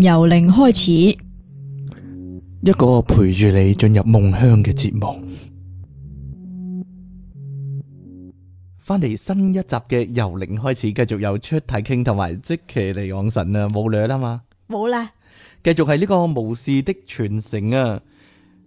由零開始，一個陪住你進入夢鄉嘅節目。翻嚟新一集嘅由零開始，繼續由出睇傾，同埋即其李往神」啊，冇掠啦嘛，冇啦。繼續係呢了個巫士的傳承啊。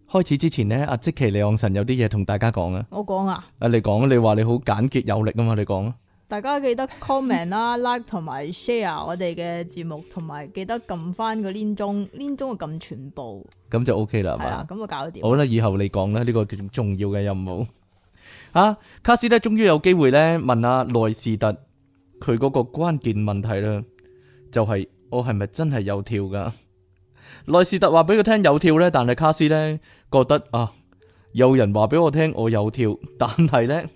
開始之前呢，「阿即其李往神」有啲嘢同大家講啊。我講啊。啊，你講，你話你好簡潔有力啊嘛，你講啊。大家記得 comment 啦、 like 同埋 share 我哋嘅節目，同埋記得撳翻個連鐘，連鐘啊撳全部，咁就 OK 啦，係咁了就搞掂。好啦，以後你講啦，呢、呢個叫做重要嘅任務。啊，卡斯咧，終於有機會咧問阿奈士特佢嗰個關鍵問題啦，就係、係、我係咪真係有跳噶？奈士特話俾佢聽有跳咧，但係卡斯咧覺得啊，有人話俾我聽我有跳，但係咧。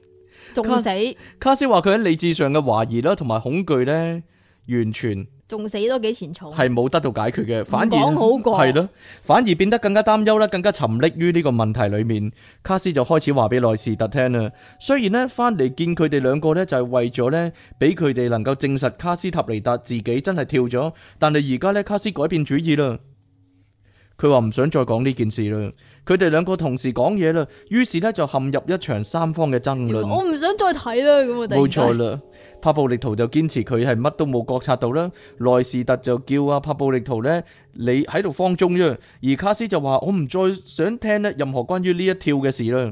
仲死卡斯話佢喺理智上嘅懷疑啦，同埋恐懼咧，完全仲死都幾錢草，係冇得到解決嘅，反而係咯，反而變得更加擔憂啦，更加沉溺於呢個問題裏面。卡斯就開始話俾奈士特聽啦，雖然咧翻嚟見佢哋兩個呢，就係為咗呢，俾佢哋能夠證實卡斯塔尼達自己真係跳咗，但係而家呢，卡斯改變主意啦。佢話唔想再講呢件事啦，佢哋兩個同時講嘢啦，於是呢就陷入一場三方嘅爭論。我唔想再睇啦，咁我哋冇錯啦。帕布力圖就堅持佢係乜都冇覺察到啦，奈士特就叫阿帕布力圖呢：「你喺度放縱啫。」而卡斯就話我唔再想聽咧任何關於呢一跳嘅事啦。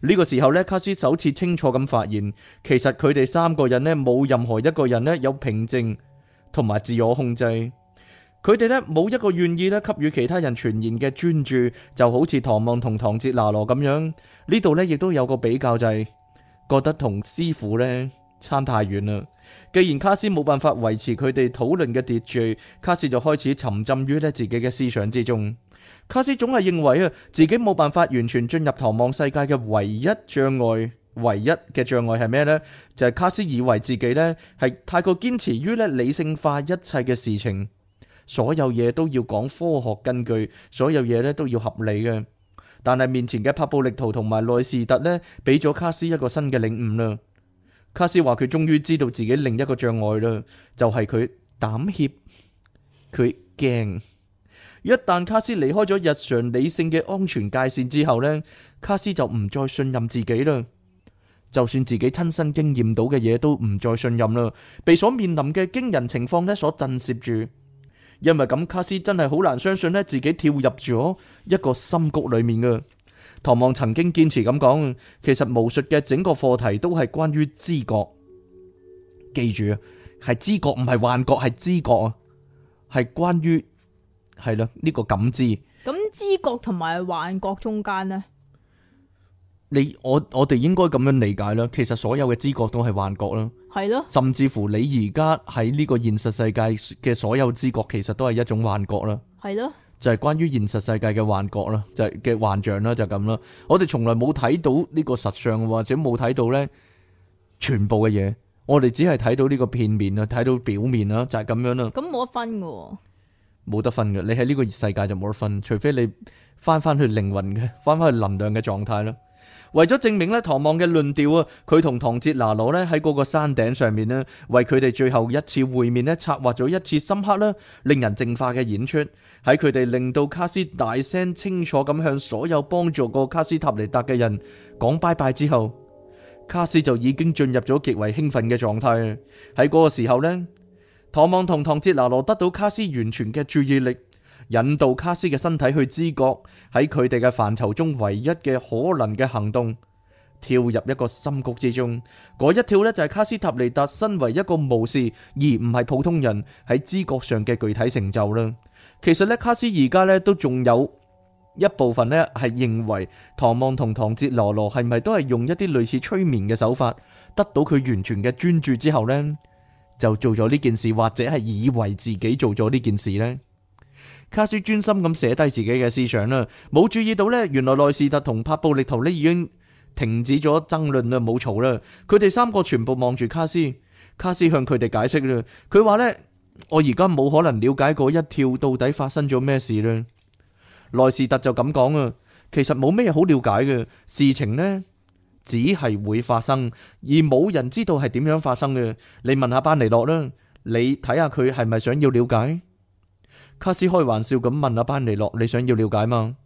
呢、這個時候呢，卡斯首次清楚咁發現，其實佢哋三個人呢冇任何一個人呢有平靜同埋自我控制。佢哋呢冇一個願意咧給予其他人傳言嘅專注，就好似唐望同唐哲拿羅咁樣。呢度呢亦都有個比較，就係覺得同師傅呢差太遠啦。既然卡斯冇辦法維持佢哋討論嘅秩序，卡斯就開始沉浸於咧自己嘅思想之中。卡斯總係認為啊，自己冇辦法完全進入唐望世界嘅唯一障礙，唯一嘅障礙係咩呢？就係、是、卡斯以為自己呢係太過堅持於咧理性化一切嘅事情。所有嘢都要講科學根據，所有嘢咧都要合理嘅。但係面前嘅帕布力圖同埋奈士特咧，俾咗卡斯一個新嘅領悟啦。卡斯話佢終於知道自己另一個障礙啦，就係佢膽怯，佢驚。一旦卡斯離開咗日常理性嘅安全界線之後呢，卡斯就唔再信任自己啦。就算自己親身經驗到嘅嘢都唔再信任啦，被所面臨嘅驚人情況呢所震懾住。因為咁，卡斯真係好難相信呢自己跳入咗一個深谷裏面嘅。唐望曾經堅持咁講，其實巫術嘅整個課題都係關於知覺，記住係知覺，唔係幻覺，係知覺啊，係關於係喇呢個感知。咁知覺同埋幻覺中間呢？你我我哋應該咁樣理解啦。其實所有嘅知覺都係幻覺啦，係咯。甚至乎你而家喺呢個現實世界嘅所有知覺，其實都係一種幻覺啦，係咯，就係關於現實世界嘅幻覺啦，就係嘅幻象啦，就咁啦。我哋從來冇睇到呢個實相，或者冇睇到咧全部嘅嘢，我哋只係睇到呢個片面啦，睇到表面啦，就係咁樣啦。咁冇得分噶，冇得分噶。你喺呢個世界就冇得分，除非你翻翻去靈魂嘅翻翻去能量嘅狀態啦。為咗證明咧，唐望嘅論調啊，佢同唐哲拿羅咧喺嗰個山頂上面咧，為佢哋最後一次會面咧，策劃咗一次深刻啦、令人淨化嘅演出。喺佢哋令到卡斯大聲清楚咁向所有幫助過卡斯塔尼達嘅人講拜拜之後，卡斯就已經進入咗極為興奮嘅狀態。喺嗰個時候呢，唐望同唐哲拿羅得到卡斯完全嘅注意力。引導卡斯嘅身體去知覺喺佢哋嘅範疇中，唯一嘅可能嘅行動，跳入一個深谷之中。嗰一跳呢，就係卡斯塔尼達身為一個巫士而唔係普通人喺知覺上嘅具體成就啦。其實呢，卡斯而家呢，都仲有一部分呢，係認為唐望同唐哲羅羅係咪都係用一啲類似催眠嘅手法，得到佢完全嘅專注之後呢，就做咗呢件事，或者係以為自己做咗呢件事呢。卡斯專心咁寫低自己嘅思想啦，冇注意到咧，原來奈士特同帕布力圖呢已經停止咗爭論啦，冇嘈啦。佢哋三個全部望住卡斯，卡斯向佢哋解釋啦。佢話咧，我而家冇可能了解嗰一跳到底發生咗咩事啦。奈士特就咁講啊，其實冇咩好了解嘅事情呢，只係會發生，而冇人知道係點樣發生嘅。你問下班尼諾啦，你睇下佢係咪想要了解。卡斯開玩笑咁問阿班尼諾：你想要了解嗎？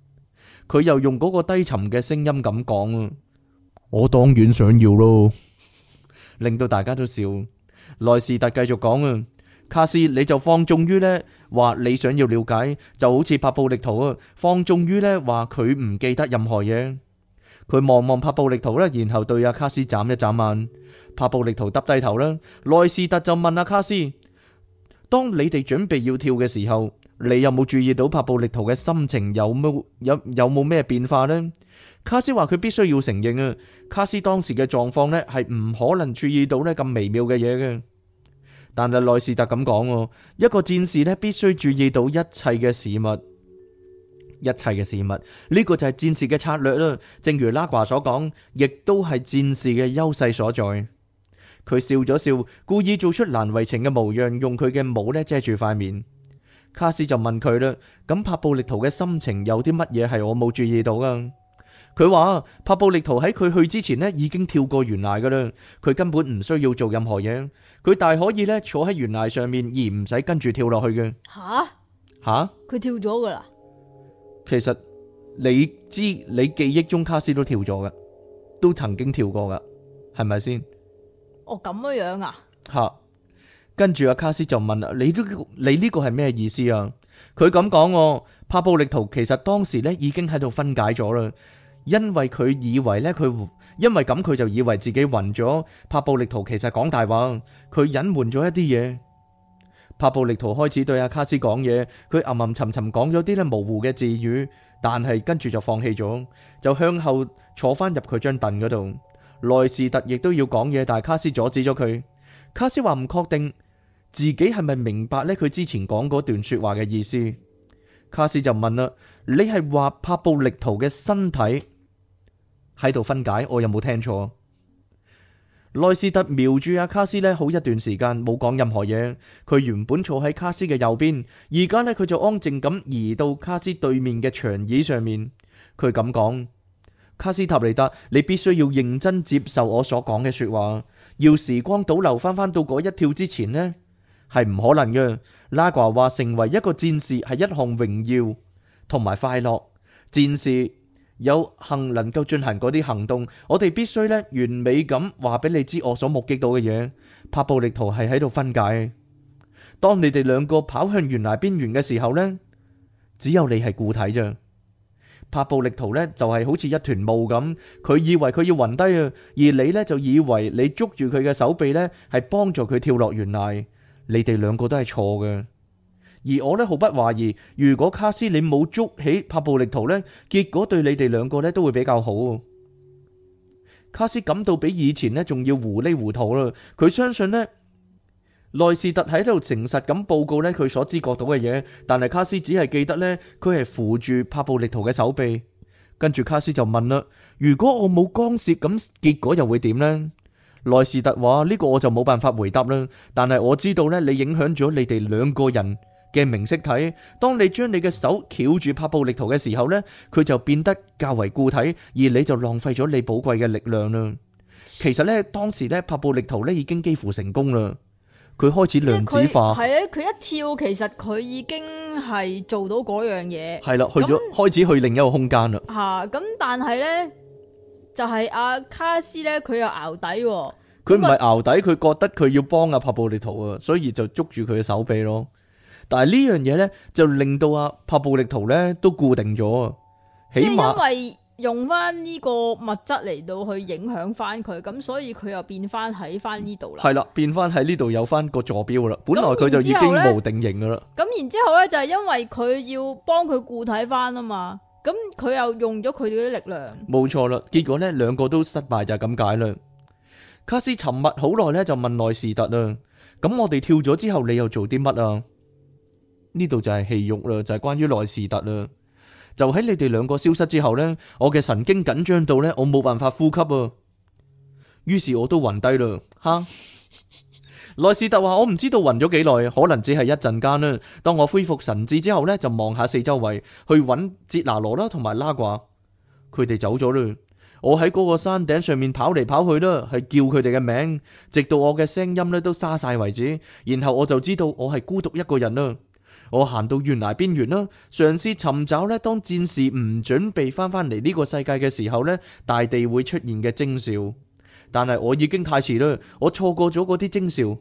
佢又用嗰個低沉嘅聲音咁講：我當然想要咯，令到大家都笑。奈士特繼續講：啊，卡斯，你就放縱於呢？話你想要了解，就好似拍布力圖啊！放縱於呢？話佢唔記得任何嘢。佢望望拍布力圖呢，然後對阿卡斯眨一眨眼。拍布力圖耷低頭啦。奈士特就問阿、啊、卡斯：當你哋準備要跳嘅時候？你有冇注意到帕布力圖嘅心情有冇有有冇咩變化呢？卡斯話佢必須要承認啊，卡斯當時嘅狀況呢，係唔可能注意到呢咁微妙嘅嘢嘅。但係奈士特咁講，一個戰士呢，必須注意到一切嘅事物，一切嘅事物呢、呢個就係戰士嘅策略啦。正如拉華所講，亦都係戰士嘅優勢所在。佢笑咗笑，故意做出難為情嘅模樣，用佢嘅帽呢遮住塊面。卡斯就問佢啦：咁帕布力圖嘅心情有啲乜嘢係我冇注意到噶？佢話帕布力圖喺佢去之前咧已經跳過懸崖噶啦，佢根本唔需要做任何嘢，佢大可以咧坐喺懸崖上面而唔使跟住跳落去嘅。吓吓哈，佢哈跳咗噶啦？其實你知你記憶中卡斯都跳咗噶，都曾經跳過噶，係咪先？哦咁樣樣啊？吓。跟住阿、啊、卡斯就問，你都你呢個係咩意思啊？佢咁講我帕布力圖，其實當時咧已經喺度分解咗啦，因為佢以為咧佢因為咁佢就以為自己暈咗。帕布力圖其實講大話，佢隱瞞咗一啲嘢。帕布力圖開始對阿、啊、卡斯講嘢，佢吟吟沉沉講咗啲咧模糊嘅字語，但係跟住就放棄咗，就向後坐翻入佢張凳嗰度。奈士特亦都要講嘢，但係卡斯阻止咗佢。卡斯話唔確定自己係咪明白呢？佢之前講嗰段說話嘅意思。卡斯就問啦，你係話帕布力圖嘅身體喺度分解，我有冇聽錯？奈士特瞄住阿、啊、卡斯呢好一段時間冇講任何嘢。佢原本坐喺卡斯嘅右邊，而家呢，佢就安靜咁移到卡斯對面嘅長椅上面。佢咁講，卡斯塔尼達，你必須要認真接受我所講嘅說話。要時光倒流翻返到嗰一跳之前呢？係唔可能嘅。拉瓜話成為一個戰士係一項榮耀同埋快樂。戰士有幸能夠進行嗰啲行動，我哋必須咧完美咁話俾你知我所目擊到嘅嘢。帕布力圖係喺度分解。當你哋兩個跑向懸崖邊緣嘅時候呢，只有你係固體啫。帕布力圖呢，就係好似一團霧咁，佢以為佢要暈低啊，而你呢，就以為你捉住佢嘅手臂呢，係幫助佢跳落懸崖。你哋兩個都係錯嘅，而我呢，毫不懷疑。如果卡斯你冇捉起帕布力圖呢，結果對你哋兩個呢都會比較好。卡斯感到比以前呢仲要糊裏糊塗啦。佢相信呢，奈士特喺度誠實咁報告呢佢所知覺到嘅嘢，但係卡斯只係記得呢，佢係扶住帕布力圖嘅手臂。跟住卡斯就問啦：「如果我冇干涉咁，結果又會點呢？」奈士特話：呢個我就冇辦法回答啦。但係我知道咧，你影響咗你哋兩個人嘅明晰體。當你將你嘅手翹住拍布力圖嘅時候咧，佢就變得較為固體，而你就浪費咗你寶貴嘅力量啦。其實咧，當時咧拍布力圖咧已經幾乎成功啦。佢開始量子化，係啊，佢一跳，其實佢已經係做到嗰樣嘢，係啦，去咗開始去另一個空間啦。吓，咁但係咧。就係阿卡斯咧，佢又淆底喎，佢唔係淆底，佢覺得佢要幫阿帕布利圖啊，所以就捉住佢嘅手臂咯。但係呢樣嘢咧，就令到阿帕布利圖咧都固定咗啊。起碼因為用翻呢個物質嚟到去影響翻佢，咁所以佢又變翻喺翻呢度啦。係啦，變翻喺呢度有翻個坐標噶啦。本來佢就已經冇定型噶啦。咁然之後咧，後就係因為佢要幫佢固體翻啊嘛。咁佢又用咗佢哋啲力量，冇錯啦。結果呢兩個都失敗就咁解啦。卡斯沉默好耐呢，就問奈士特啦。咁、嗯、我哋跳咗之後，你又做啲乜啊？呢度就係戲肉啦，就係、是、關於奈士特啦。就喺你哋兩個消失之後呢，我嘅神經緊張到呢，我冇辦法呼吸，啊。於是我都暈低啦，哈。奈士特話：我唔知道暈咗幾耐，可能只係一陣間啦。當我恢復神智之後呢，就望下四周圍，去搵杰拿羅啦同埋拉掛，佢哋走咗啦。我喺嗰個山頂上面跑嚟跑去啦，係叫佢哋嘅名，直到我嘅聲音咧都沙晒為止。然後我就知道我係孤獨一個人啦。我行到懸崖邊緣啦，嘗試尋找呢，當戰士唔準備翻返嚟呢個世界嘅時候呢，大地會出現嘅徵兆。但係我已經太遲啦，我錯過咗嗰啲徵兆。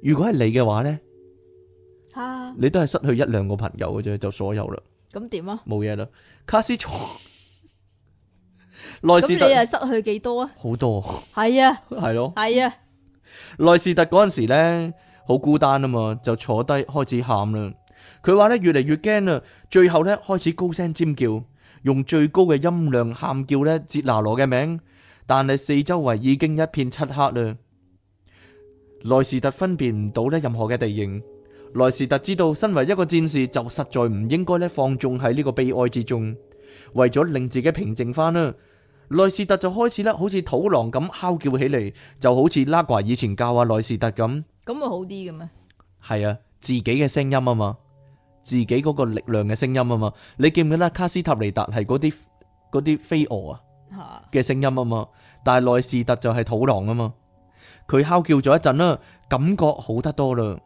如果係你嘅話咧，啊、你都係失去一兩個朋友嘅啫，就所有啦。咁點啊？冇嘢啦。卡斯坐，奈 士特咁你又失去幾多啊？好多 咯。係啊，係咯，係啊。奈士特嗰陣時咧，好孤單啊嘛，就坐低開始喊啦。佢話呢，越嚟越驚啦，最後呢，開始高聲尖叫，用最高嘅音量喊叫呢，哲拿羅嘅名，但係四周圍已經一片漆黑啦。奈士特分辨唔到咧，任何嘅地形，奈士特知道身為一個戰士就實在唔應該咧，放縱喺呢個悲哀之中，為咗令自己平靜翻啊，奈士特就開始咧好似土狼咁敲叫起嚟，就好似拉瓜以前教阿奈士特咁。咁咪好啲嘅咩？係啊，自己嘅聲音啊嘛，自己嗰個力量嘅聲音啊嘛，你記唔記得卡斯塔尼達係嗰啲嗰啲飛蛾啊嘅聲音啊嘛，但係奈士特就係土狼啊嘛。佢嚎叫咗一陣啦，感覺好得多啦。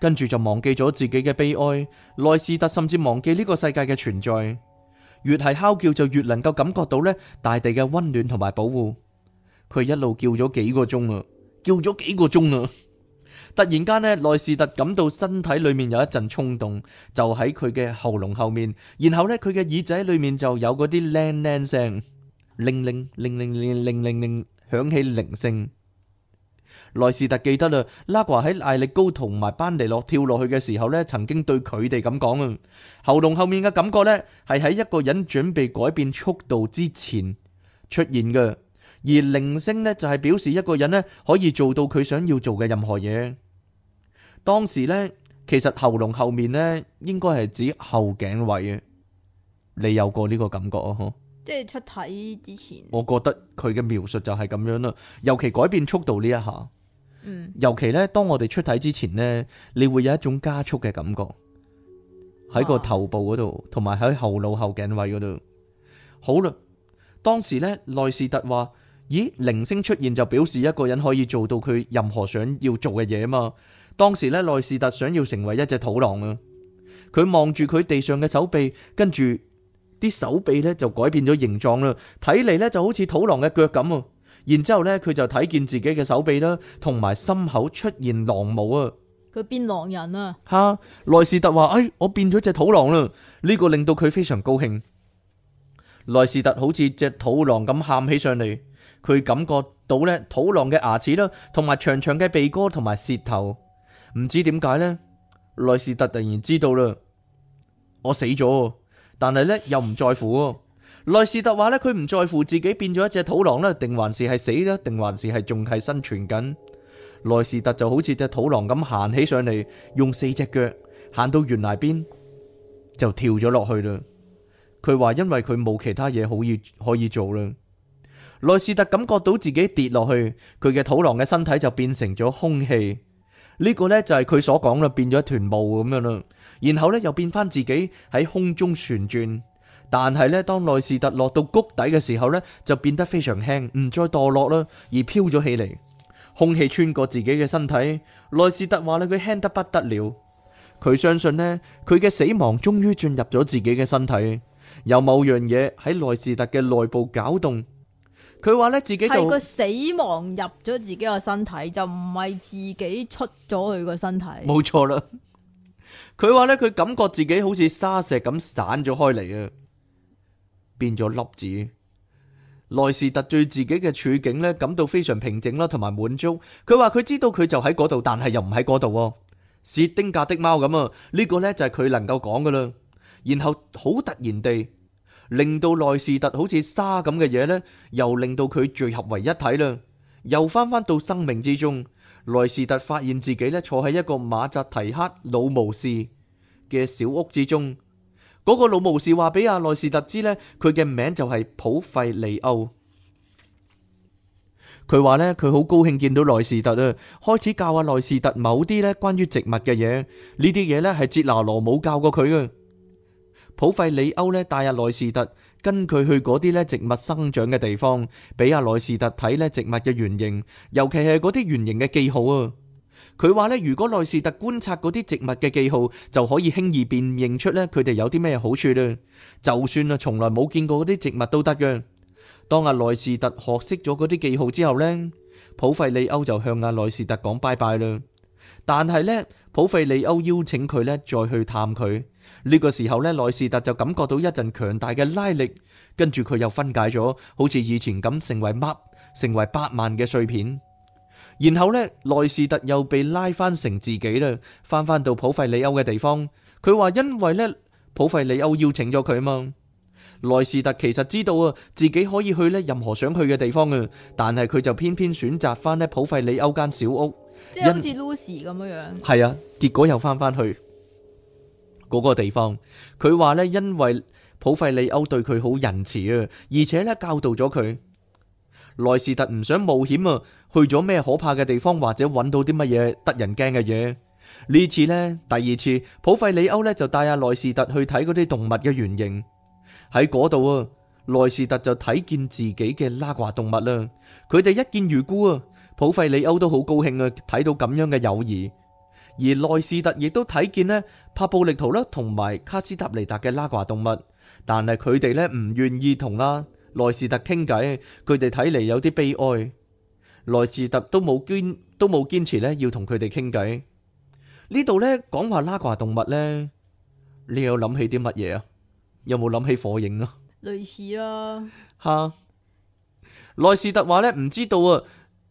跟住就忘記咗自己嘅悲哀，奈士特甚至忘記呢個世界嘅存在。越係嚎叫就越能夠感覺到呢大地嘅溫暖同埋保護。佢一路叫咗幾個鐘啊，叫咗幾個鐘啊。 突然間呢，奈士特感到身體裏面有一陣衝動，就喺佢嘅喉嚨後面，然後呢，佢嘅耳仔裏面就有嗰啲鈴鈴聲，鈴鈴鈴鈴鈴鈴鈴響起鈴聲。奈士特記得啦，拉華喺艾力高同埋班尼洛跳落去嘅時候咧，曾經對佢哋咁講啊。喉嚨後面嘅感覺咧，係喺一個人準備改變速度之前出現嘅，而鈴聲呢，就係表示一個人咧可以做到佢想要做嘅任何嘢。當時呢，其實喉嚨後面咧應該係指後頸位啊。你有過呢個感覺啊？即係出體之前，我覺得佢嘅描述就係咁樣啦。尤其改變速度呢一下，嗯，尤其呢，當我哋出體之前呢，你會有一種加速嘅感覺喺個頭部嗰度，同埋喺後腦後頸位嗰度。好啦，當時呢，奈士特話：咦，鈴聲出現就表示一個人可以做到佢任何想要做嘅嘢嘛。當時呢，奈士特想要成為一隻土狼啊！佢望住佢地上嘅手臂，跟住。啲手臂呢，就改變咗形狀啦，睇嚟，呢就好似土狼嘅腳咁啊！然之後呢，佢就睇見自己嘅手臂啦，同埋心口出現狼毛啊！佢變狼人啊！哈！奈士特話：哎，我變咗隻土狼啦！呢、這個令到佢非常高興。奈士特好似隻土狼咁喊起上嚟，佢感覺到呢，土狼嘅牙齒啦，同埋長長嘅鼻哥同埋舌頭。唔知點解呢，奈士特突然知道啦，我死咗。但係呢，又唔在乎喎，奈士特話呢，佢唔在乎自己變咗一隻土狼咧，定還是係死啦，定還是係仲係生存緊。奈士特就好似隻土狼咁行起上嚟，用四隻腳行到懸崖邊就跳咗落去啦。佢話因為佢冇其他嘢可以可以做啦。奈士特感覺到自己跌落去，佢嘅土狼嘅身體就變成咗空氣，呢、呢個呢，就係、是、佢所講啦，變咗一團霧咁樣啦。然後咧，又變翻自己喺空中旋轉，但係咧，當奈士特落到谷底嘅時候呢，就變得非常輕，唔再墮落啦，而飄咗起嚟。空氣穿過自己嘅身體，奈士特話呢，佢輕得不得了。佢相信呢，佢嘅死亡終於進入咗自己嘅身體，有某樣嘢喺奈士特嘅內部攪動。佢話呢，自己就係個死亡入咗自己個身體，就唔係自己出咗佢個身體。冇錯啦。佢話咧，佢感覺自己好似沙石咁散咗開嚟啊，變咗粒子。奈士特對自己嘅處境呢，感到非常平靜啦，同埋滿足。佢話佢知道佢就喺嗰度，但係又唔喺嗰度。薛丁格的貓咁啊，呢、呢個呢，就係佢能夠講㗎啦。然後好突然地，令到奈士特好似沙咁嘅嘢呢，又令到佢聚合為一體啦，又翻返到生命之中。奈士特發現自己咧坐喺一個馬扎提克老巫士嘅小屋之中。嗰、那個老巫士話俾阿奈士特知呢，佢嘅名就係普費里歐。佢話呢，佢好高興見到奈士特啊，開始教阿奈士特某啲咧關於植物嘅嘢。呢啲嘢咧係捷拿羅冇教過佢嘅。普費里歐呢，帶阿奈士特。跟佢去嗰啲咧植物生長嘅地方，俾阿奈士特睇咧植物嘅原形，尤其係嗰啲原形嘅記號啊！佢話咧，如果奈士特觀察嗰啲植物嘅記號，就可以輕易辨認出咧佢哋有啲咩好處啦。就算啊從來冇見過嗰啲植物都得嘅。當阿奈士特學識咗嗰啲記號之後呢，普費利歐就向阿奈士特講拜拜啦。但係呢，普費里歐邀請佢呢，再去探佢。呢、這個時候呢，奈士特就感覺到一陣強大嘅拉力，跟住佢又分解咗，好似以前咁成為乜，成為百萬嘅碎片。然後呢，奈士特又被拉翻成自己啦，翻翻到普費里歐嘅地方。佢話因為呢，普費里歐邀請咗佢嘛。奈士特其實知道啊，自己可以去呢任何想去嘅地方啊，但係佢就偏偏選擇翻呢普費里歐間小屋。即係好似 Lucy 咁樣係啊，結果又翻翻去嗰個地方。佢話呢，因為普費里歐對佢好仁慈啊，而且呢，教導咗佢。奈士特唔想冒險啊，去咗咩可怕嘅地方，或者揾到啲乜嘢得人驚嘅嘢。呢次呢，第二次普費里歐呢，就帶阿奈士特去睇嗰啲動物嘅原型。喺嗰度啊，奈士特就睇見自己嘅拉華動物啦。佢哋一見如故啊。普費里歐都好高興啊，睇到咁樣嘅友誼。而奈士特亦都睇見呢，帕布利圖啦，同埋卡斯塔尼達嘅拉瓜動物。但係佢哋呢，唔願意同啊奈士特傾偈，佢哋睇嚟有啲悲哀。奈士特都冇堅都冇堅持咧，要同佢哋傾偈。呢度呢，講話拉瓜動物呢，你有諗起啲乜嘢啊？有冇諗起火影啊？類似啦。吓，奈士特話呢，唔知道啊。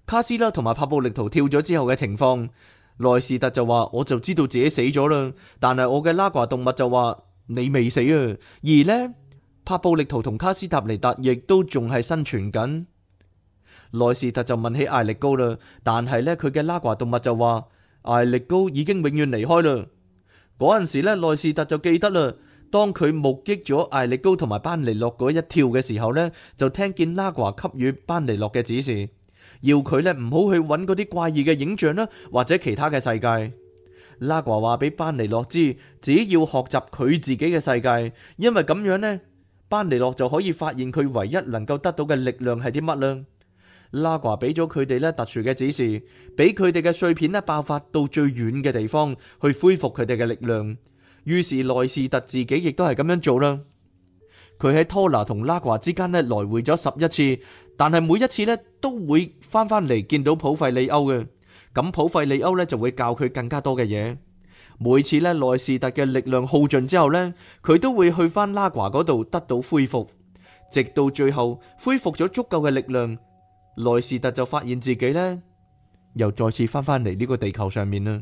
卡斯啦，同埋帕布力圖跳咗之後嘅情況，奈士特就話：我就知道自己死咗啦。但係我嘅拉瓜動物就話：你未死啊。而呢，帕布力圖同卡斯塔尼達亦都仲係生存緊。奈士特就問起艾力高啦，但係呢，佢嘅拉瓜動物就話：艾力高已經永遠離開啦。嗰陣時呢，奈士特就記得啦，當佢目擊咗艾力高同埋班尼諾嗰一跳嘅時候呢，就聽見拉瓜給予班尼諾嘅指示。要佢咧唔好去揾嗰啲怪異嘅影像啦，或者其他嘅世界。拉瓜話俾班尼諾知，只要學習佢自己嘅世界，因為咁樣呢，班尼諾就可以發現佢唯一能夠得到嘅力量係啲乜啦。拉瓜俾咗佢哋咧特殊嘅指示，俾佢哋嘅碎片呢爆發到最遠嘅地方去恢復佢哋嘅力量。於是奈士特自己亦都係咁樣做啦。佢喺拖拿同拉華之間咧來回咗十一次，但係每一次咧都會翻返嚟見到普費利歐嘅，咁普費利歐咧就會教佢更加多嘅嘢。每次咧奈士特嘅力量耗盡之後呢，佢都會去翻拉華嗰度得到恢復，直到最後恢復咗足夠嘅力量，奈士特就發現自己呢，又再次翻返嚟呢個地球上面啦。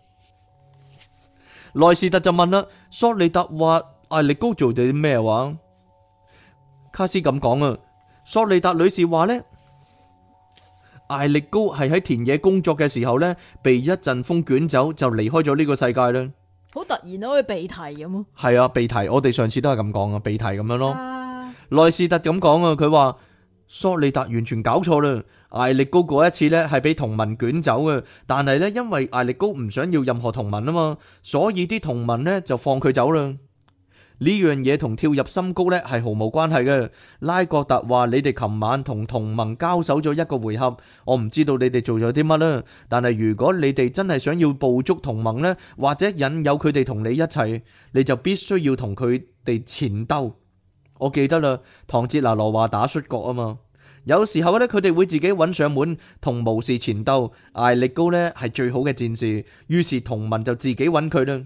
奈士特就問啦，索利達話艾力高做咗啲咩話？卡斯咁講啊，索利達女士話呢，艾力高係喺田野工作嘅時候呢，被一陣風捲走就離開咗呢個世界啦。好突然提啊，好似鼻涕咁咯。係啊，鼻涕，我哋上次都係咁講啊，鼻涕咁樣咯。奈士特咁講啊，佢話索利達完全搞錯啦。艾力高嗰一次呢，係俾同盟捲走嘅。但係呢，因為艾力高唔想要任何同盟啊嘛，所以啲同盟呢，就放佢走啦。呢樣嘢同跳入深谷呢，係毫無關係嘅。拉各特話：你哋琴晚同同盟交手咗一個回合，我唔知道你哋做咗啲乜啦。但係如果你哋真係想要捕捉同盟呢，或者引誘佢哋同你一齊，你就必須要同佢哋纏鬥。我記得啦，唐哲拿羅話打摔角啊嘛。有時候咧，佢哋會自己揾上門同巫士前鬥。艾力高咧係最好嘅戰士，於是同盟就自己揾佢啦。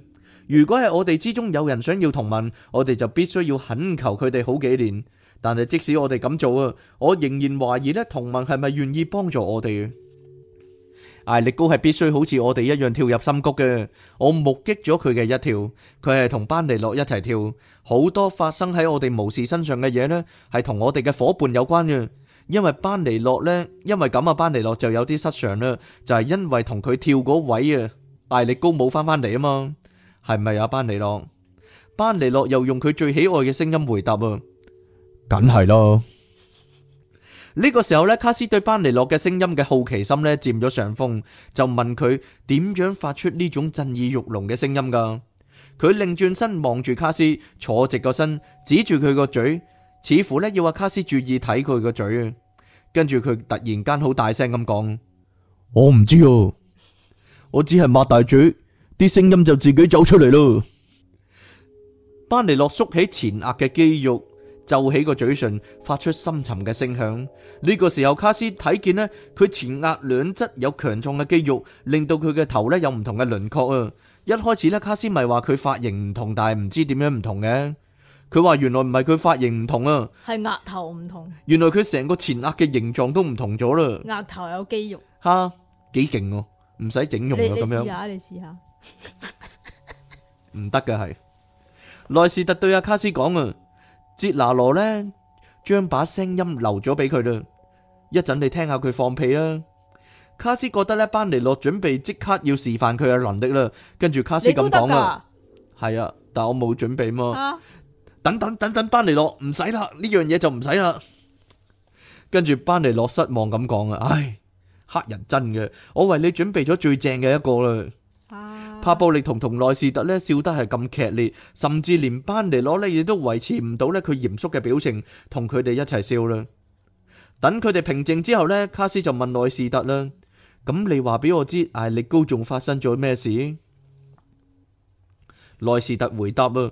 如果係我哋之中有人想要同盟，我哋就必須要懇求佢哋好幾年。但係即使我哋咁做啊，我仍然懷疑咧，同盟係咪願意幫助我哋？艾力高係必須好似我哋一樣跳入深谷嘅。我目擊咗佢嘅一,一跳，佢係同班尼諾一齊跳。好多發生喺我哋巫士身上嘅嘢呢，係同我哋嘅夥伴有關嘅。因為班尼洛呢，因為咁啊，班尼洛就有啲失常啦，就係因為同佢跳嗰位啊，毅力高冇翻返嚟啊嘛，係咪啊班尼洛？班尼洛又用佢最喜愛嘅聲音回答啊，梗係咯。呢個時候呢，卡斯對班尼洛嘅聲音嘅好奇心呢佔咗上風，就問佢點樣發出呢種震耳欲聾嘅聲音噶？佢擰轉身望住卡斯，坐直個身，指住佢個嘴。似乎咧要話卡斯注意睇佢個嘴，跟住佢突然間好大聲咁講：我唔知啊，我只係擘大嘴，啲聲音就自己走出嚟咯。班尼洛縮起前額嘅肌肉，皺起個嘴唇，發出深沉嘅聲響。呢、這個時候，卡斯睇見咧佢前額兩側有強壯嘅肌肉，令到佢嘅頭咧有唔同嘅輪廓啊。一開始咧，卡斯咪話佢髮型唔同，但係唔知點樣唔同嘅。佢話原來唔係佢髮型唔同啊，係額頭唔同。原來佢成個前額嘅形狀都唔同咗啦。額頭有肌肉，吓幾勁哦，唔使整容啊咁樣。你試下，你試下，唔得噶係。奈士特對阿卡斯講啊，傑拿羅咧將把聲音留咗俾佢啦。一陣你聽下佢放屁啊。卡斯覺得咧，班尼洛準備即刻要示範佢嘅能力啦。跟住卡斯咁講啊，係啊，但我冇準備嘛。等等等等，班尼洛唔使啦，呢樣嘢就唔使啦。跟住班尼洛失望咁講啊，唉，黑人真嘅，我為你準備咗最正嘅一個啦。帕布利同同內士特咧笑得係咁劇烈，甚至連班尼洛咧亦都維持唔到咧佢嚴肅嘅表情，同佢哋一齊笑啦。等佢哋平靜之後咧，卡斯就問內士特啦：咁你話俾我知，艾力高仲發生咗咩事？內士特回答啊。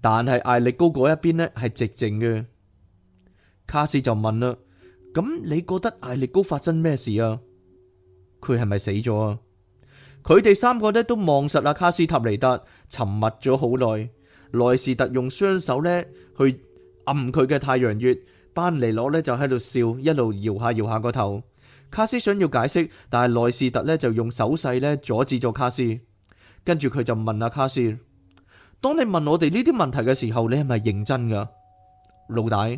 但係艾力高嗰一邊呢係寂靜嘅，卡斯就問啦：咁你覺得艾力高發生咩事啊？佢係咪死咗啊？佢哋三個呢都望實阿卡斯塔尼達，沉默咗好耐。奈士特用雙手呢去揞佢嘅太陽穴，班尼諾呢就喺度笑，一路搖下搖下個頭。卡斯想要解釋，但係奈士特呢就用手勢呢阻止咗卡斯，跟住佢就問阿卡斯。當你問我哋呢啲問題嘅時候，你係咪認真噶，老大？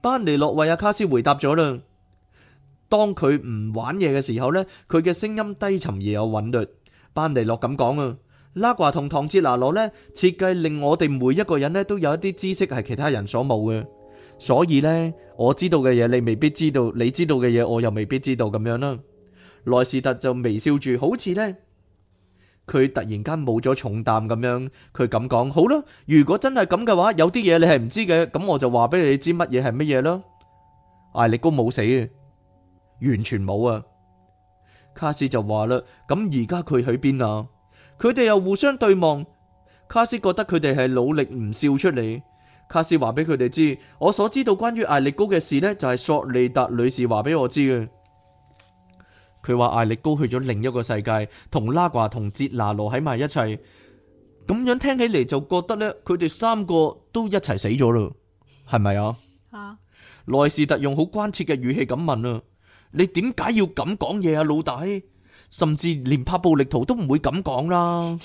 班尼諾為阿卡斯回答咗啦。當佢唔玩嘢嘅時候呢，佢嘅聲音低沉而有韻律。班尼諾咁講啊，拉華同唐哲拿羅呢設計令我哋每一個人呢都有一啲知識係其他人所冇嘅，所以呢，我知道嘅嘢你未必知道，你知道嘅嘢我又未必知道咁樣啦。奈士特就微笑住，好似呢，佢突然間冇咗重擔咁樣，佢咁講：好啦，如果真係咁嘅話，有啲嘢你係唔知嘅，咁我就話俾你知乜嘢係乜嘢咯。艾力高冇死嘅，完全冇啊！卡斯就話啦，咁而家佢喺邊啊？佢哋又互相對望，卡斯覺得佢哋係努力唔笑出嚟。卡斯話俾佢哋知，我所知道關於艾力高嘅事呢，就係索利達女士話俾我知嘅。佢話艾力高去咗另一個世界，同拉瓜同杰拿羅喺埋一齊，咁樣聽起嚟就覺得咧，佢哋三個都一齊死咗咯，係咪啊？奈士特用好關切嘅語氣咁問啊：你點解要咁講嘢啊，老大？甚至連拍暴力圖都唔會咁講啦。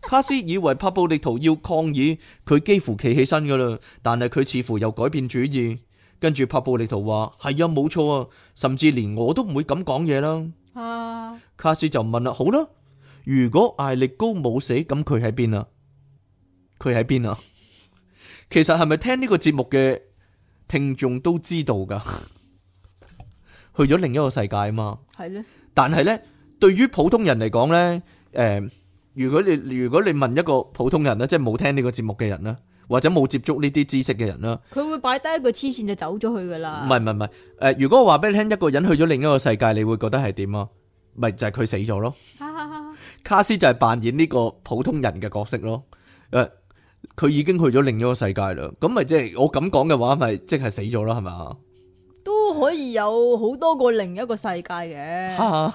卡斯以為拍暴力圖要抗議，佢幾乎企起身噶啦，但係佢似乎又改變主意。跟住拍布利圖話係啊冇錯啊，甚至連我都唔會咁講嘢啦。卡斯就問啦：好啦，如果艾力高冇死，咁佢喺邊啊？佢喺邊啊？其實係咪聽呢個節目嘅聽眾都知道噶？去咗另一個世界啊嘛。係咧。但係咧，對於普通人嚟講咧，誒，如果你如果你問一個普通人咧，即係冇聽呢個節目嘅人咧。或者冇接觸呢啲知識嘅人啦，佢會擺低一個黐線就走咗去噶啦。唔係唔係唔係，誒、呃，如果我話俾你聽，一個人去咗另一個世界，你會覺得係點啊？咪就係、是、佢死咗咯。 卡斯就係扮演呢個普通人嘅角色咯。誒、呃，佢已經去咗另一個世界啦。咁咪即係我咁講嘅話，咪即係死咗咯？係咪啊？都可以有好多個另一個世界嘅。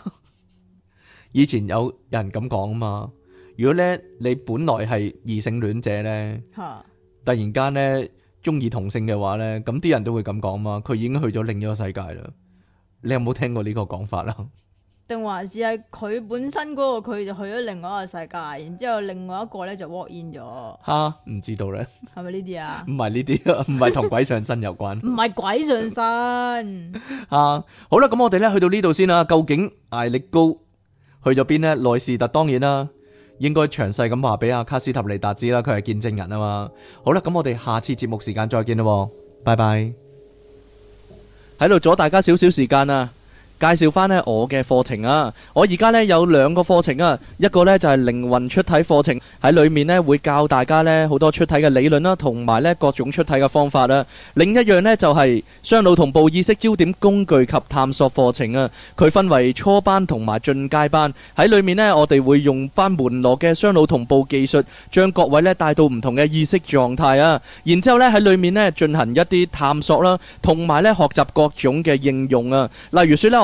以前有人咁講啊嘛。如果咧你本來係異性戀者咧。 突然間咧，中意同性嘅話咧，咁啲人都會咁講嘛。佢已經去咗另一個世界啦。你有冇聽過個呢個講法啦？定還是係佢本身嗰、嗰個佢就去咗另外一個世界，然之後另外一個咧就 walk in 咗。吓，唔知道咧。係咪呢啲啊？唔係呢啲，唔係同鬼上身有關。唔係 鬼上身。 啊，好啦，咁我哋咧去到呢度先啦。究竟艾力高去咗邊呢？奈士特當然啦。應該詳細咁話畀阿卡斯塔尼達知啦，佢係見證人啊嘛。好啦，咁我哋下次節目時間再見啦喎，拜拜。喺度阻大家少少時間啊。介紹翻呢我嘅課程啊！我而家呢有兩個課程啊，一個呢就係靈魂出體課程，喺裏面呢會教大家呢好多出體嘅理論啦，同埋呢各種出體嘅方法啦。另一樣呢就係雙腦同步意識焦點工具及探索課程啊。佢分為初班同埋進階班，喺裏面呢我哋會用返門羅嘅雙腦同步技術，將各位呢帶到唔同嘅意識狀態啊。然之後呢喺裏面呢進行一啲探索啦，同埋呢學習各種嘅應用啊。例如説呢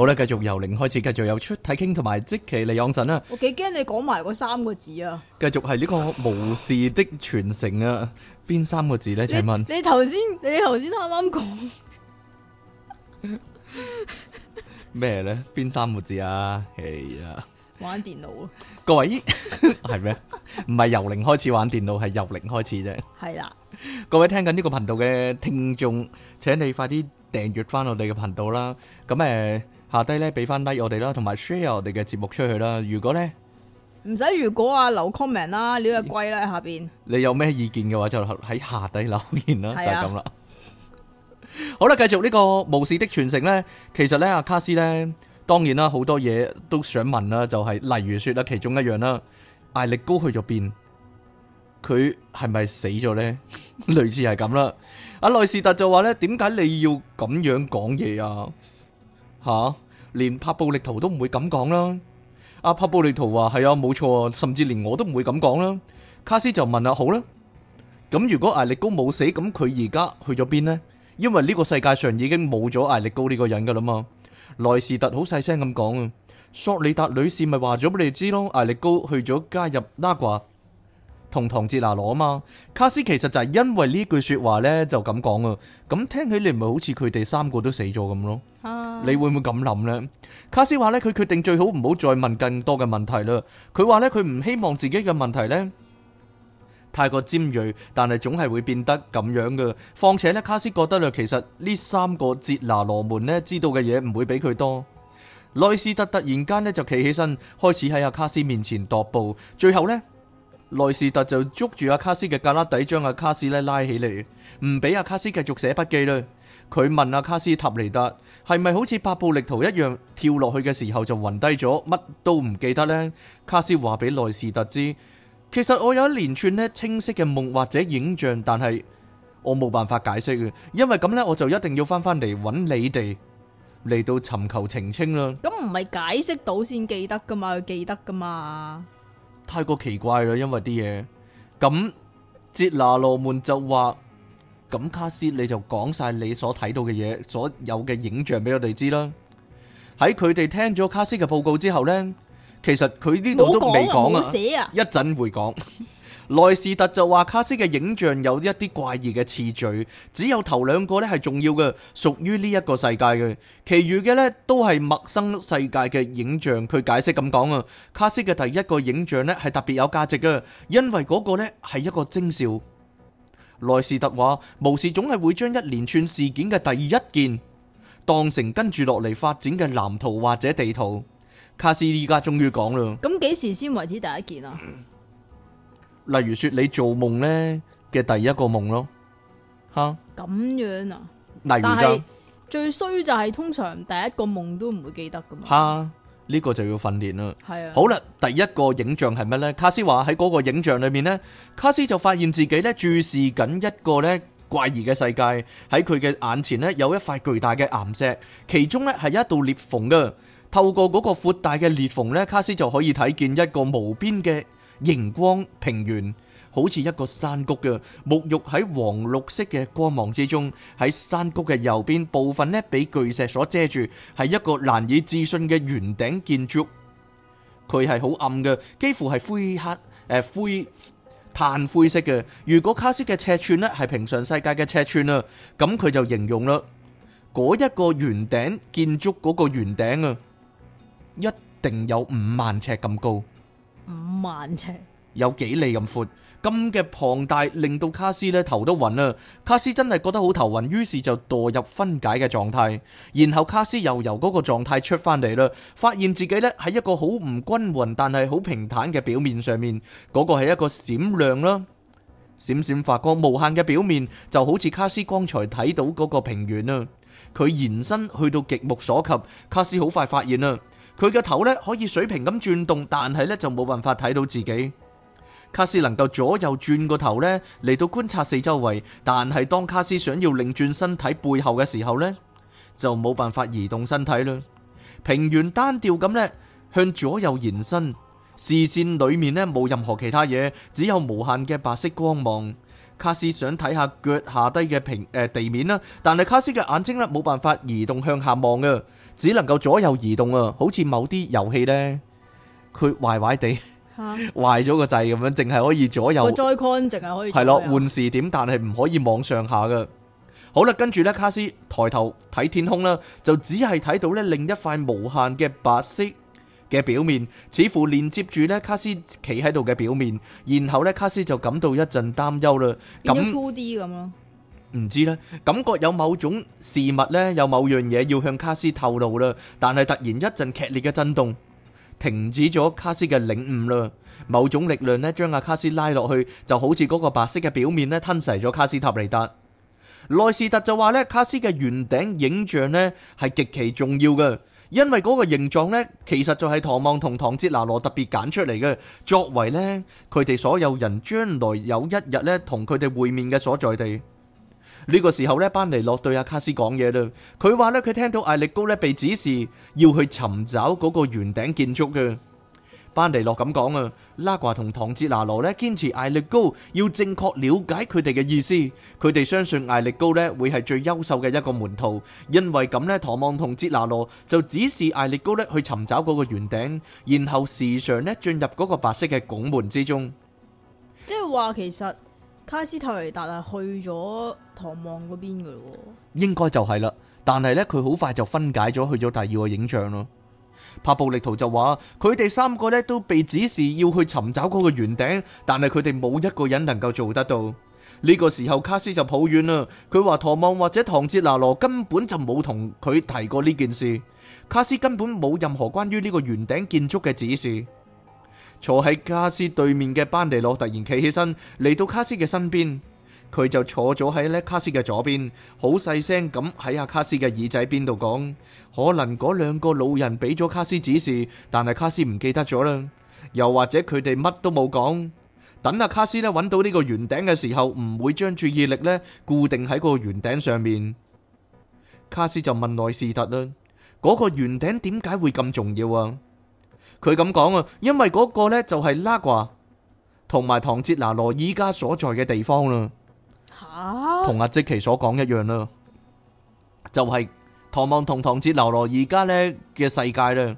好啦，繼續由零開始，繼續由出體傾同埋即期嚟養神啊。我幾驚你講埋嗰三個字啊！繼續係呢個巫士的傳承啊，邊三個字咧？請問你頭先，你頭先啱啱講咩咧？邊 三個字啊？哎啊，玩電腦啊！各位係咩？唔係 由零開始玩電腦，係由零開始啫。係啦的，各位聽緊呢個頻道嘅聽眾，請你快啲訂閱翻我哋嘅頻道啦。咁誒。呃下低咧俾翻 like 我哋啦，同埋 share 我哋嘅節目出去啦。如果咧唔使如果啊，留 comment 啦，你又貴啦喺下邊面。你有咩意見嘅話就喺下底留言啦，是啊，就係咁啦。 好啦，繼續呢、這個巫士的傳承咧，其實咧阿卡斯咧，當然啦，好多嘢都想問啦，就係、是、例如說啦，其中一樣啦，艾力高去咗邊，佢係咪死咗咧？ 類似係咁啦。阿內、 啊、士特就話咧，點解你要咁樣講嘢啊？吓、啊，連帕布力圖都唔會咁講啦。阿帕布力圖話：係啊，冇錯啊，甚至連我都唔會咁講啦。卡斯就問阿、啊、好啦，咁如果艾力高冇死，咁佢而家去咗邊呢？因為呢個世界上已經冇咗艾力高呢個人噶啦嘛。奈士特好細聲咁講啊，索里達女士咪話咗俾你知咯，艾力高去咗加入納瓜。同唐哲拿攞啊嘛，卡斯其實就係因為呢句說話呢，就咁講，啊，咁聽起嚟咪好似佢哋三個都死咗咁咯？啊、你會唔會咁諗呢？卡斯話呢，佢決定最好唔好再問更多嘅問題啦。佢話呢，佢唔希望自己嘅問題呢太過尖銳，但係總係會變得咁樣噶。況且呢，卡斯覺得咧其實呢三個哲拿羅門呢知道嘅嘢唔會比佢多。奈士特突然間呢就企起身，開始喺阿卡斯面前踱步，最後呢。內士特就捉住阿卡斯嘅旮旯底，將阿卡斯咧拉起嚟，唔俾阿卡斯繼續寫筆記啦。佢問阿卡斯塔尼達，係咪好似百步力圖一樣跳落去嘅時候就暈低咗，乜都唔記得呢？」卡斯話俾內士特知，其實我有一連串咧清晰嘅夢或者影像，但係我冇辦法解釋嘅，因為咁呢，我就一定要翻翻嚟揾你哋嚟到尋求澄清啦。咁唔係解釋到先記得噶嘛？記得噶嘛？太過奇怪啦，因為啲嘢咁，捷拿羅門就話：咁卡斯你就講晒你所睇到嘅嘢，所有嘅影像俾我哋知啦。喺佢哋聽咗卡斯嘅報告之後呢，其實佢呢度都未講啊，一陣會，會講。 奈士特就話：卡斯嘅影像有一啲怪異嘅次序，只有頭兩個咧係重要嘅，屬於呢一個世界嘅，其餘嘅咧都係陌生世界嘅影像。佢解釋咁講啊，卡斯嘅第一個影像咧係特別有價值嘅，因為嗰個咧係一個徵兆。奈士特話：巫士總係會將一連串事件嘅第一件當成跟住落嚟發展嘅藍圖或者地圖。卡斯而家終於講啦，咁幾時先為止第一件啊？例如說你做夢咧，嘅第一個夢咯，吓，咁樣啊？例如，但係最衰就係通常第一個夢都唔會記得噶嘛。吓，呢個就要訓練啦。係啊。好啦，第一個影像係乜咧？卡斯話喺嗰個影像裏面咧，卡斯就發現自己咧注視緊一個咧怪異嘅世界。喺佢嘅眼前咧有一塊巨大嘅岩石，其中咧係一道裂縫噶。透過嗰個闊大嘅裂縫咧，卡斯就可以睇見一個無邊嘅。熒光平原，好似一個山谷嘅，沐浴喺黃綠色嘅光芒之中，喺山谷嘅右邊部分呢，俾巨石所遮住，係一個難以置信嘅圓頂建築。佢係好暗嘅，幾乎係灰黑誒、呃、灰炭灰色嘅。如果卡斯嘅尺寸呢，係平常世界嘅尺寸啊，咁佢就形容啦，嗰一個圓頂建築嗰個圓頂啊，一定有五萬尺咁高。五萬尺，有幾里咁寬？咁嘅龐大令到卡斯咧頭都暈啦！卡斯真係覺得好頭暈，於是就墮入分解嘅狀態。然後卡斯又由嗰個狀態出翻嚟啦，發現自己咧喺一個好唔均匀但係好平坦嘅表面上面，嗰個係一個閃亮啦，閃閃發光、無限嘅表面，就好似卡斯剛才睇到嗰個平原啦。佢延伸去到極目所及，卡斯好快發現啦。佢嘅頭咧可以水平咁轉動，但係咧就冇辦法睇到自己。卡斯能夠左右轉個頭咧嚟到觀察四周圍，但係當卡斯想要擰轉身體背後嘅時候咧，就冇辦法移動身體啦。平原單調咁咧向左右延伸，視線裏面呢冇任何其他嘢，只有無限嘅白色光芒。卡斯想睇下腳下低嘅平誒地面啦，但係卡斯嘅眼睛咧冇辦法移動向下望嘅，只能夠左右移動啊，好似某啲遊戲呢，佢壞壞地壞咗個掣咁樣，淨係可以左右個 Joy-Con 淨係可以係咯，換視點，但係唔可以往上下嘅。好啦，跟住咧，卡斯抬頭睇天空啦，就只係睇到咧另一塊無限嘅白色。嘅表面似乎連接住咧卡斯企喺度嘅表面，然後咧卡斯就感到一陣擔憂啦。變咗 two D 咁咯，唔知咧，感覺有某種事物咧，有某樣嘢要向卡斯透露啦。但係突然一陣劇烈嘅震動，停止咗卡斯嘅領悟啦。某種力量咧將阿卡斯拉落去，就好似嗰個白色嘅表面咧吞噬咗卡斯塔尼達。奈士特就話咧卡斯嘅圓頂影像咧係極其重要嘅。因為嗰個形狀呢，其實就係唐望同唐哲拿羅特別揀出嚟嘅，作為呢，佢哋所有人將來有一日呢，同佢哋會面嘅所在地。呢、呢個時候呢，班尼諾對阿卡斯講嘢啦，佢話呢，佢聽到艾力高呢被指示要去尋找嗰個圓頂建築嘅。班尼洛咁講啊，拉瓜同唐哲拿羅呢，堅持艾力高要正確了解佢哋嘅意思，佢哋相信艾力高呢會係最優秀嘅一個門徒。因為咁呢，唐望同哲拿羅就指示艾力高呢去尋找嗰個圓頂，然後時常呢進入嗰個白色嘅拱門之中。即係話其實卡斯特雷達係去咗唐望嗰邊噶咯，應該就係啦，但係呢，佢好快就分解咗，去咗第二個影像咯。帕布力圖就話佢哋三個咧都被指示要去尋找嗰個圓頂，但係佢哋冇一個人能夠做得到。呢、呢個時候卡斯就抱怨啦，佢話唐望或者唐哲拿羅根本就冇同佢提過呢件事，卡斯根本冇任何關於呢個圓頂建築嘅指示。坐喺卡斯對面嘅班尼洛突然企起身嚟到卡斯嘅身邊。佢就坐咗喺呢卡斯嘅左邊，好細聲咁喺阿卡斯嘅耳仔邊度講。可能嗰兩個老人俾咗卡斯指示，但係卡斯唔記得咗啦，又或者佢哋乜都冇講。等阿卡斯揾到呢個圓頂嘅時候，唔會將注意力咧固定喺個圓頂上面。卡斯就問奈士特啦，嗰個圓頂點解會咁重要啊？佢咁講啊，因為嗰個呢，就係拉瓜同埋唐哲拿羅依家所在嘅地方啦。同阿即奇所講一樣啦，就係、是、唐望同唐哲流落而家咧嘅世界啦。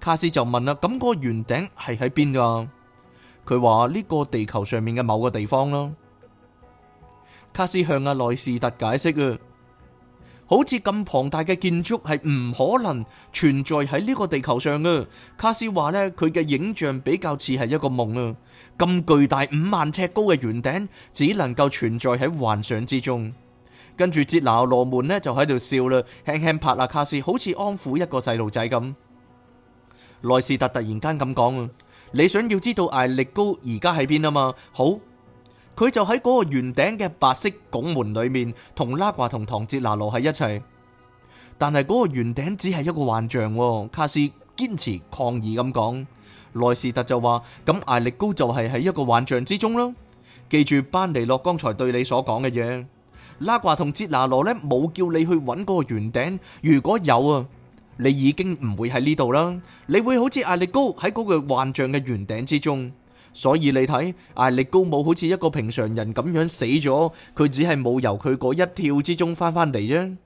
卡斯就問啦，咁、那個圓頂係喺邊噶？佢話呢個地球上面嘅某個地方啦。卡斯向阿奈士特解釋啊。好似咁龐大嘅建築係唔可能存在喺呢個地球上嘅。卡斯話呢，佢嘅影像比較似係一個夢啊！咁巨大五萬尺高嘅圓頂只能夠存在喺幻想之中。跟住，杰拿羅門呢，就喺度笑啦，輕輕拍下，啊、卡斯，好似安撫一個細路仔咁。奈士特突然間咁講啊，你想要知道艾力高而家喺邊啊嘛？好。佢就喺嗰個圓頂嘅白色拱門裏面，同拉瓜同唐哲拿羅喺一齊。但係嗰個圓頂只係一個幻象。卡士堅持抗議咁講，奈士特就話：咁艾力高就係喺一個幻象之中啦。記住班尼諾剛才對你所講嘅嘢，拉瓜同哲拿羅呢，冇叫你去揾嗰個圓頂。如果有啊，你已經唔會喺呢度啦。你會好似艾力高喺嗰個幻象嘅圓頂之中。所以你睇艾力高冇好似一個平常人咁樣死咗，佢只係冇由佢嗰一跳之中翻返嚟啫。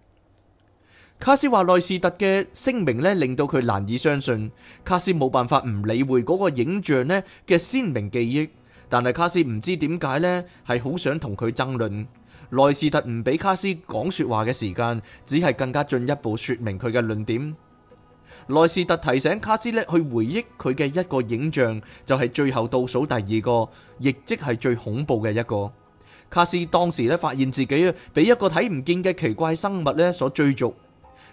卡斯話奈士特嘅聲明咧，令到佢難以相信。卡斯冇辦法唔理會嗰個影像咧嘅鮮明記憶，但係卡斯唔知點解咧，係好想同佢爭論。奈士特唔俾卡斯講說話嘅時間，只係更加進一步說明佢嘅論點。奈士特提醒卡斯叻去回憶佢嘅一個影像，就係、是、最後倒數第二個，亦即係最恐怖嘅一個。卡斯當時咧發現自己啊，俾一個睇唔見嘅奇怪生物咧所追逐。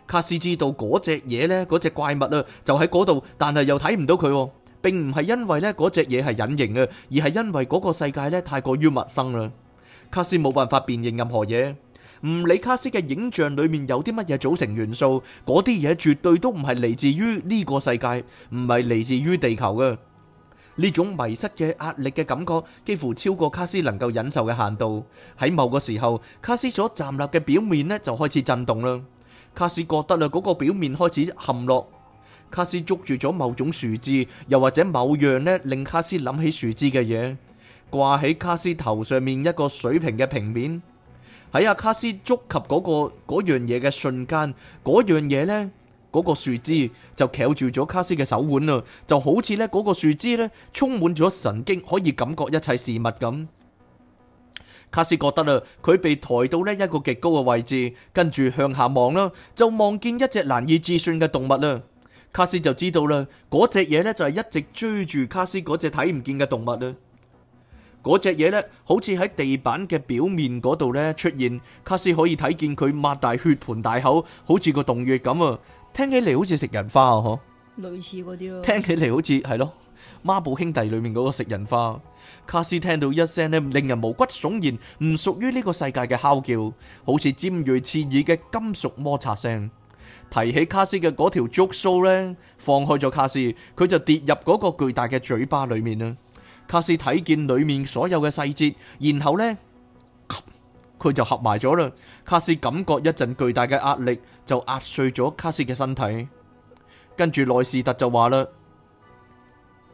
卡斯知道嗰隻嘢咧，嗰隻怪物啊，就喺嗰度，但係又睇唔到佢，並唔係因為咧嗰隻嘢係隱形嘅，而係因為嗰個世界咧太過於陌生啦。卡斯冇辦法辨認任何嘢。唔理卡斯嘅影像裏面有啲乜嘢組成元素，嗰啲嘢絕對都唔係嚟自於呢個世界，唔係嚟自於地球嘅。呢種迷失嘅壓力嘅感覺，幾乎超過卡斯能夠忍受嘅限度。喺某個時候，卡斯所站立嘅表面呢，就開始震動啦。卡斯覺得啦，嗰個表面開始陷落。卡斯捉住咗某種樹枝，又或者某樣呢令卡斯諗起樹枝嘅嘢，掛喺卡斯頭上面一個水平嘅平面。喺阿卡斯觸及嗰、那個嗰樣嘢嘅瞬間，嗰樣嘢呢，嗰個樹枝就翹住咗卡斯嘅手腕啦，就好似呢嗰個樹枝呢充滿咗神經，可以感覺一切事物咁。卡斯覺得啦，佢被抬到呢一個極高嘅位置，跟住向下望啦，就望見一隻難以置信嘅動物啦。卡斯就知道啦，嗰隻嘢呢就係一直追住卡斯嗰隻睇唔見嘅動物啦。嗰隻嘢咧，好似喺地板嘅表面嗰度咧出現。卡斯可以睇見佢擘大血盆大口，好似個洞穴咁啊！聽起嚟好似食人花啊！嗬，類似嗰啲咯。聽起嚟好似係咯，孖寶兄弟裏面嗰個食人花。卡斯聽到一聲呢，令人毛骨悚然、唔屬於呢個世界嘅嚎叫，好似尖銳刺耳嘅金屬摩擦聲。提起卡斯嘅嗰條竹掃咧，放開咗卡斯，佢就跌入嗰個巨大嘅嘴巴裏面啦。卡斯睇見裏面所有嘅細節，然後咧，佢就合埋咗啦。卡斯感覺一陣巨大嘅壓力，就壓碎咗卡斯嘅身體。跟住奈士特就話啦，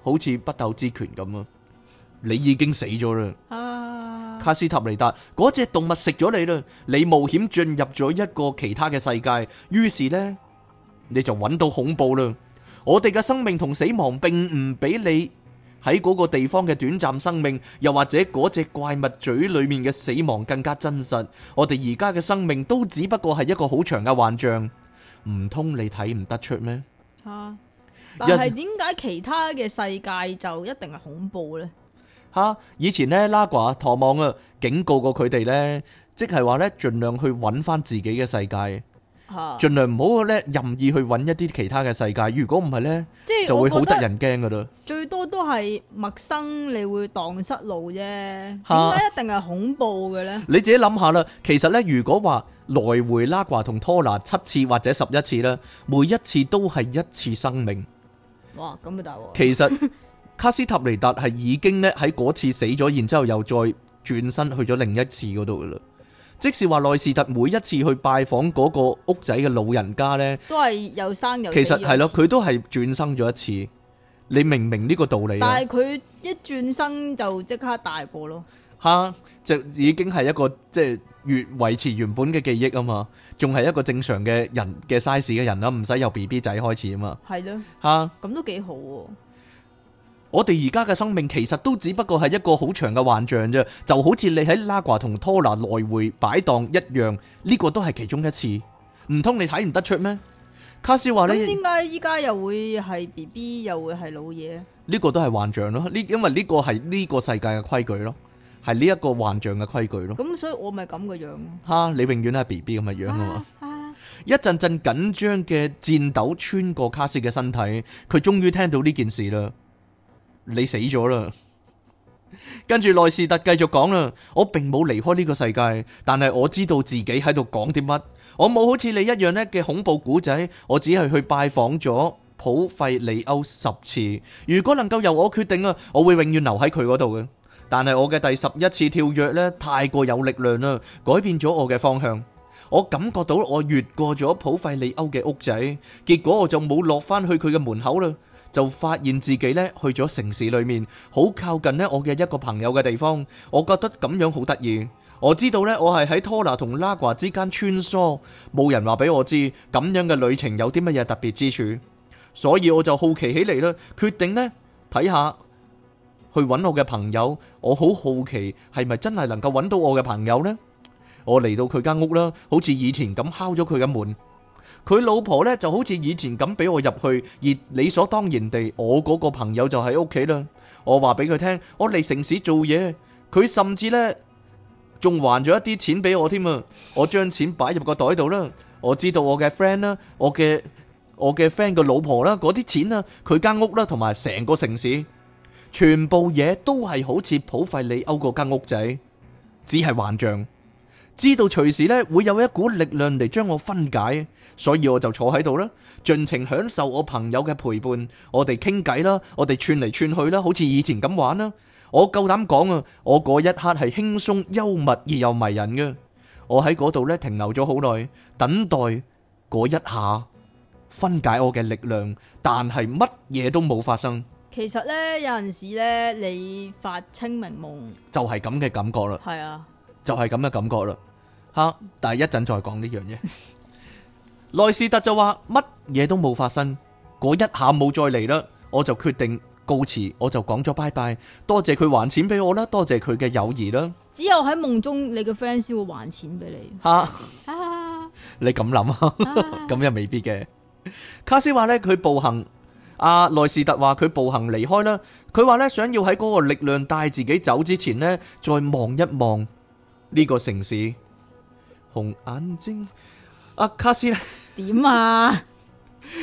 好似不鬥之拳咁啊！你已經死咗啦，卡斯塔尼達，嗰隻動物食咗你啦！你冒險進入咗一個其他嘅世界，於是咧，你就搵到恐怖啦！我哋嘅生命同死亡並唔俾你。喺嗰個地方嘅短暫生命，又或者嗰隻怪物嘴裏面嘅死亡更加真實。我哋而家嘅生命都只不過係一個好長嘅幻象，唔通你睇唔得出咩？吓、啊，但係點解其他嘅世界就一定係恐怖呢？吓、啊，以前咧拉寡唐望啊，警告過佢哋呢，即係話呢，盡量去揾翻自己嘅世界。盡量唔好咧，任意去揾一啲其他嘅世界，如果唔係咧，即係就會好得人驚噶啦。最多都係陌生，你會蕩失路啫。點解一定係恐怖嘅咧？你自己諗下啦。其實咧，如果話來回拉掛同拖拉七次或者十一次咧，每一次都係一次生命。哇，咁啊大鑊！其實卡斯塔尼達係已經咧喺嗰次死咗，然之後又再轉身去咗另一次嗰度噶啦。即使話奈士特每一次去拜訪嗰個屋仔嘅老人家呢，都係有生有死，其實係咯，佢都係轉生咗一次。你明唔明呢個道理？但係佢一轉生就即刻大個咯，吓就已經係一個即係、就是、越維持原本嘅記憶啊嘛，仲係一個正常嘅人嘅 size 嘅人啦，唔使由 B B 仔開始啊嘛，係咯的，吓咁都幾好、啊。我哋而家嘅生命其實都只不過係一個好長嘅幻象啫，就好似你喺拉瓜同拖拿來回擺盪一樣，呢、這個都係其中一次。唔通你睇唔得出咩？卡斯話你。咁點解依家又會係 B B，又會係老嘢？呢個都係幻象咯，呢因為呢個係呢個世界嘅規矩咯，係呢一個幻象嘅規矩咯。咁所以我咪咁嘅樣。吓，你永遠都係 B B 咁嘅樣啊嘛！啊一陣陣緊張嘅顫抖穿過卡斯嘅身體，佢終於聽到呢件事啦。你死咗啦！ 跟住奈士特繼續講啦，我並冇離開呢個世界，但係我知道自己喺度講啲乜。我冇好似你一樣咧嘅恐怖古仔，我只係去拜訪咗普費利歐十次。如果能夠由我決定啊，我會永遠留喺佢嗰度嘅。但係我嘅第十一次跳躍呢，太過有力量啦，改變咗我嘅方向。我感覺到我越過咗普費利歐嘅屋仔，結果我就冇落翻去佢嘅門口啦。就發現自己咧去咗城市裏面，好靠近咧我嘅一個朋友嘅地方。我覺得咁樣好得意。我知道咧我係喺托拉同拉呱之間穿梭，冇人話俾我知咁樣嘅旅程有啲乜嘢特別之處，所以我就好奇起嚟啦，決定咧睇下去揾我嘅朋友。我好好奇係咪真係能夠揾到我嘅朋友咧？我嚟到佢間屋啦，好似以前咁敲咗佢嘅門。佢老婆呢就好似以前咁俾我入去，而理所當然地，我嗰個朋友就喺屋企啦。我話俾佢聽，我嚟城市做嘢。佢甚至呢仲還咗一啲錢俾我添啊！我將錢擺入個袋度啦。我知道我嘅 friend 啦，我嘅我嘅 friend 嘅老婆啦，嗰啲錢啦，佢間屋啦，同埋成個城市，全部嘢都係好似普費利歐嗰間屋仔，只係幻象。知道隨時咧會有一股力量嚟將我分解，所以我就坐喺度啦，盡情享受我朋友嘅陪伴，我哋傾偈啦，我哋串嚟串去啦，好似以前咁玩啦。我夠膽講啊，我嗰一刻係輕鬆、幽默而又迷人嘅。我喺嗰度咧停留咗好耐，等待嗰一下分解我嘅力量，但係乜嘢都冇發生。其實咧，有陣時咧，你發清明夢就係咁嘅感覺啦。係啊，就係咁嘅感覺啦。吓，但係一陣再講呢樣嘢。奈 士特就話乜嘢都冇發生，嗰一下冇再嚟啦，我就決定告辭，我就講咗拜拜，多謝佢還錢俾我啦，多謝佢嘅友誼啦。只有喺夢中，你嘅 friend 先會還錢俾你吓。哈 你咁諗啊？咁 又未必嘅。卡斯話呢，佢步行。阿、啊、奈士特話佢步行離開啦。佢話呢，想要喺嗰個力量帶自己走之前呢，再望一望呢個城市。紅眼睛，阿、啊、卡斯點啊？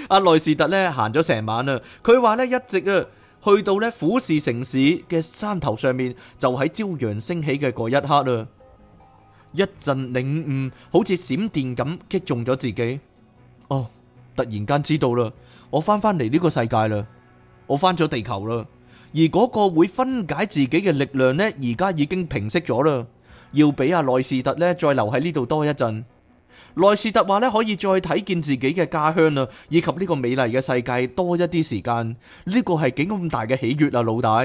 阿奈、 啊、士特咧行咗成晚啊。佢話咧一直啊去到咧俯視城市嘅山頭上面，就喺朝陽升起嘅嗰一刻啦，一陣領悟好似閃電咁擊中咗自己。哦，突然間知道啦，我翻返嚟呢個世界啦，我翻咗地球啦，而嗰個會分解自己嘅力量呢，而家已經平息咗啦。要俾阿奈士特呢再留喺呢度多一陣，奈士特話呢可以再睇見自己嘅家鄉啊，以及呢個美麗嘅世界多一啲時間，呢個係幾咁大嘅喜悅啊！老大，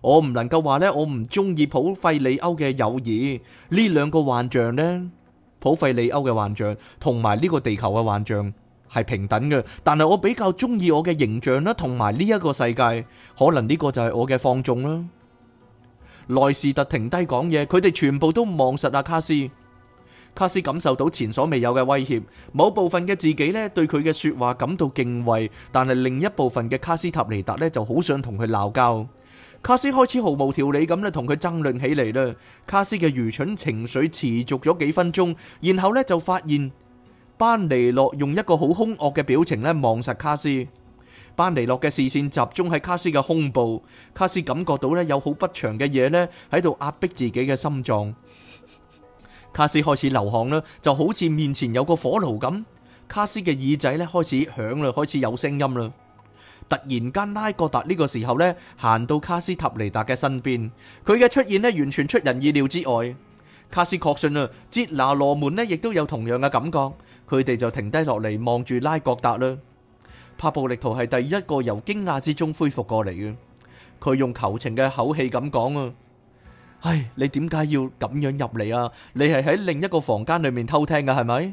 我唔能夠話呢，我唔中意普費里歐嘅友誼，呢兩個幻象呢，普費里歐嘅幻象同埋呢個地球嘅幻象係平等嘅，但係我比較中意我嘅形象啦，同埋呢一個世界，可能呢個就係我嘅放縱啦。奈士特停低講嘢，佢哋全部都望實阿卡斯。卡斯感受到前所未有嘅威脅，某部分嘅自己咧對佢嘅說話感到敬畏，但係另一部分嘅卡斯塔尼達咧就好想同佢鬧交。卡斯開始毫無條理咁咧同佢爭論起嚟啦。卡斯嘅愚蠢情緒持續咗幾分鐘，然後呢就發現班尼諾用一個好兇惡嘅表情咧望實卡斯。班尼洛嘅視線集中喺卡斯嘅胸部，卡斯感覺到咧有好不祥嘅嘢咧喺度壓迫自己嘅心臟。卡斯開始流汗啦，就好似面前有個火爐咁。卡斯嘅耳仔咧開始響啦，開始有聲音啦。突然間，拉格達呢個時候咧行到卡斯塔尼達嘅身邊，佢嘅出現咧完全出人意料之外。卡斯確信啊，杰拿羅門咧亦都有同樣嘅感覺，佢哋就停低落嚟望住拉格達啦。帕布力圖係第一個由驚訝之中恢復過嚟嘅，佢用求情嘅口氣咁講啊：唉，你點解要咁樣入嚟啊？你係喺另一個房間裏面偷聽嘅係咪？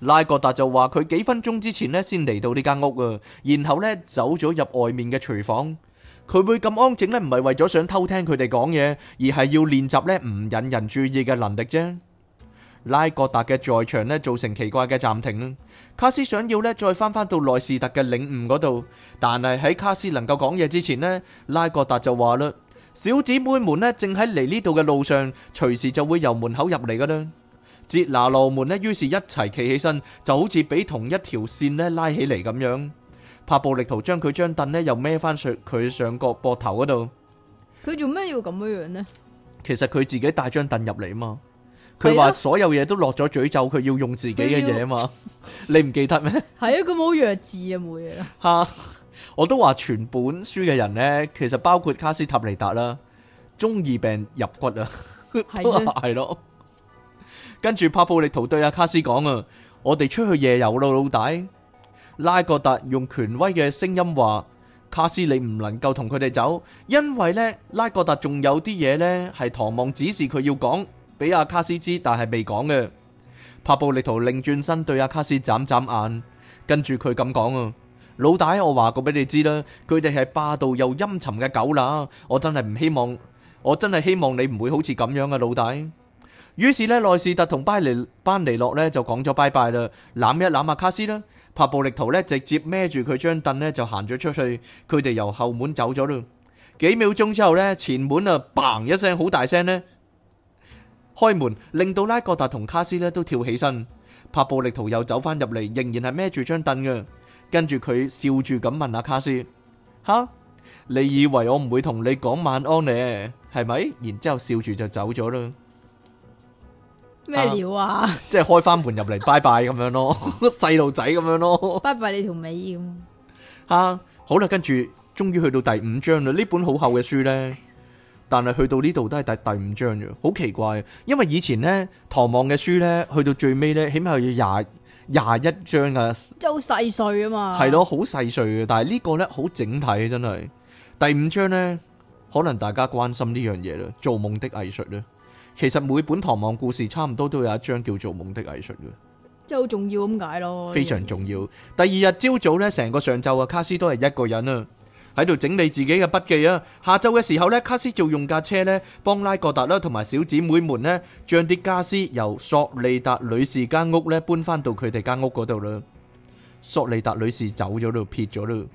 拉各達就話佢幾分鐘之前咧先嚟到呢間屋啊，然後呢走咗入外面嘅廚房。佢會咁安靜呢，唔係為咗想偷聽佢哋講嘢，而係要練習呢唔引人注意嘅能力啫。拉各達嘅在場咧，造成奇怪嘅暫停。卡斯想要咧，再返返到內士特嘅領悟嗰度，但係喺卡斯能夠講嘢之前呢，拉各達就話啦，小姐妹們呢，正喺嚟呢度嘅路上，隨時就會由門口入嚟噶啦。杰拿羅門呢，於是一齊企起身，就好似俾同一條綫呢拉起嚟咁樣。帕布力圖將佢張凳呢又孭返上佢上角膊頭嗰度。佢做咩要咁樣呢？其實佢自己帶張凳入嚟啊嘛。佢話所有嘢都落咗詛咒，佢要用自己嘅嘢啊嘛，的 你唔記得咩？係啊，佢冇弱智啊，冇嘢啦。吓， 我都話全本書嘅人呢，其實包括卡斯塔尼達啦，中二病入骨 都說的 啊，係咯。跟住帕布力圖對阿卡斯講啊，我哋出去夜遊啦，老大。拉各達用權威嘅聲音話，卡斯你唔能夠同佢哋走，因為呢，拉各達仲有啲嘢呢，係唐望指示佢要講。俾阿卡斯知，但係未講嘅。帕布力圖擰轉身對阿卡斯眨眨眼，跟住佢咁講啊，老大，我話過俾你知啦，佢哋係霸道又陰沉嘅狗乸。我真係唔希望，我真係希望你唔會好似咁樣嘅老大。於是內呢，奈士特同班尼班尼洛咧就講咗拜拜啦，攬一攬阿卡斯啦。帕布力圖呢，直接孭住佢張凳呢就行咗出去，佢哋由後門走咗啦。幾秒鐘之後呢，前門啊，砰一聲好大聲呢。開門令到拉各達同卡斯咧都跳起身，帕布力圖又走翻入嚟，仍然係孭住張凳嘅。跟住佢笑住咁問阿卡斯：吓，你以為我唔會同你講晚安呢？係咪？然之後笑住就走咗啦。咩料啊？哈 即係開翻門入嚟，拜拜咁樣咯，細路仔咁樣咯，拜拜你條尾咁。吓，好啦，跟住終於去到第五章啦，呢本好厚嘅書呢。」但係去到呢度都係第第五章啫，好奇怪。因為以前呢，《唐望》嘅書呢，去到最尾呢，起碼要廿廿一章噶，即係細碎啊嘛。係咯，好細碎嘅。但係呢個呢，好整體，真係。第五章呢，可能大家關心呢樣嘢啦，做夢的藝術咧。其實每本《唐望》故事差唔多都有一章叫做夢的藝術嘅，即係好重要咁解咯。非常重要。 第二日朝早呢，成個上晝啊，卡斯都係一個人啊。喺度整理自己嘅筆記啊！下晝嘅時候呢，卡斯就用架車呢幫拉各達啦同埋小姐妹們呢，將啲家私由索利達女士間屋呢搬翻到佢哋間屋嗰度啦。索利達女士走咗度撇咗啦。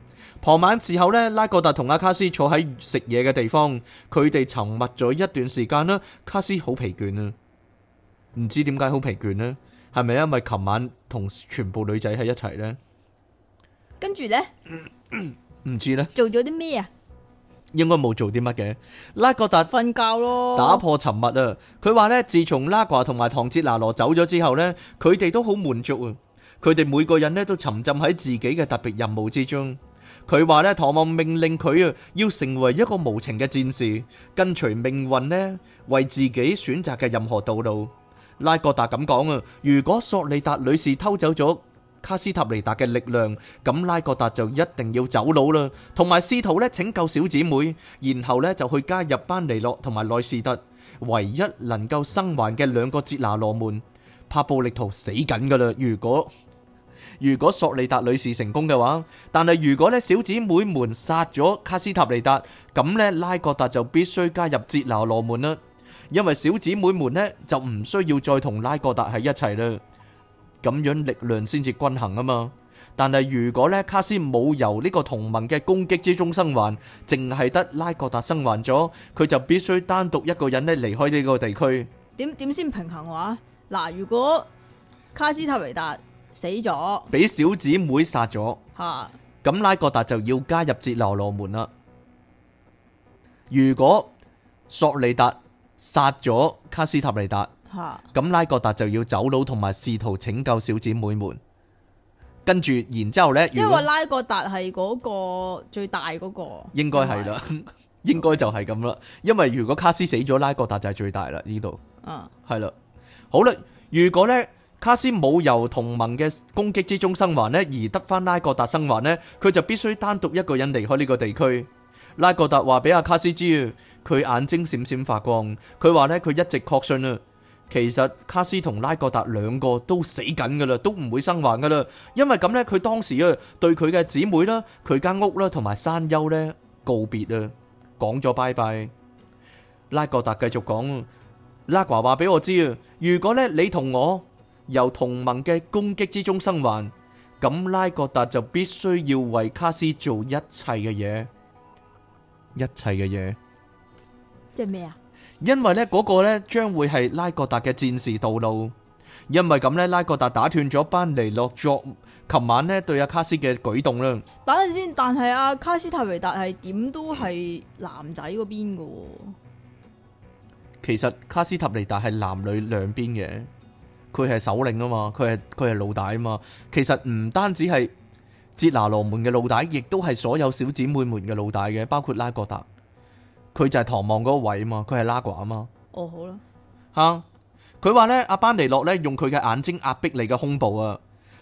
傍晚時候呢，拉各達同阿卡斯坐喺食嘢嘅地方，佢哋沉默咗一段時間啦。卡斯好疲倦啊，唔知點解好疲倦咧？係咪因為琴晚同全部女仔喺一齊呢？跟住呢。 唔知呢，做咗啲咩啊？應該冇做啲乜嘅。拉格達瞓覺咯，打破沉默啊！佢話呢，自從拉挂同埋唐哲拿羅走咗之後呢，佢哋都好滿足啊！佢哋每個人呢都沉浸喺自己嘅特別任務之中。佢話呢，唐望命令佢啊，要成為一個無情嘅戰士，跟隨命運呢，為自己選擇嘅任何道路。拉格達咁講啊，如果索利達女士偷走咗。卡斯塔尼達嘅力量，咁拉各達就一定要走佬啦，同埋試圖咧拯救小姐妹，然後咧就去加入班尼諾同埋奈士特，唯一能夠生還嘅兩個捷拿羅門，帕布力圖死緊噶啦。如果如果索利達女士成功嘅話，但係如果咧小姐妹們殺咗卡斯塔尼達，咁咧拉各達就必須加入捷拿羅門啦，因為小姐妹們咧就唔需要再同拉各達喺一齊啦。咁樣力量先至均衡啊嘛！但係如果咧，卡斯冇由呢個同盟嘅攻擊之中生還，淨係得拉各達生還咗，佢就必須單獨一個人咧離開呢個地區。點點先平衡話？嗱，如果卡斯塔維達死咗，俾小姐妹殺咗吓，咁拉各達就要加入節流羅門啦。如果索利達殺咗卡斯塔利達。吓，咁，拉格達就要走佬同埋試圖拯救小姐妹們，跟住，然之後咧，即係話拉格達係嗰個最大嗰、那個，應該係啦，就是、應該就係咁啦，Okay. 因為如果卡斯死咗，拉格達就係最大啦呢度，嗯，係啦、啊，好啦，如果呢，卡斯冇由同盟嘅攻擊之中生還呢，而得翻拉格達生還呢，佢就必須單獨一個人離開呢個地區。拉格達話俾阿卡斯知，佢眼睛閃閃發光，佢話呢，佢一直確信啊。其實卡斯同拉格達兩個都死緊噶啦，都唔會生還噶啦。因為咁咧，佢當時啊，對佢嘅姊妹啦、佢間屋啦、同埋山丘咧告別啊，講咗拜拜。拉格達繼續講，拉華話俾我知啊，如果咧你同我由同盟嘅攻擊之中生還，咁拉格達就必須要為卡斯做一切嘅嘢，一切嘅嘢。即係咩啊？因為呢嗰個咧將會係拉各達嘅戰士道路，因為咁呢，拉各達打斷咗班尼諾作琴晚咧對阿卡斯嘅舉動啦。打陣先，但係阿、啊、卡斯塔尼達係點都係男仔嗰邊噶。其實卡斯塔尼達係男女兩邊嘅，佢係首領啊嘛，佢係佢係老大啊嘛。其實唔單止係捷拿羅門嘅老大，亦都係所有小姐妹們嘅老大嘅，包括拉各達。佢就係唐望嗰個位啊嘛，佢係拉華啊嘛。哦，好啦。吓、啊，佢話呢，阿班尼諾呢，用佢嘅眼睛壓迫你嘅胸部啊，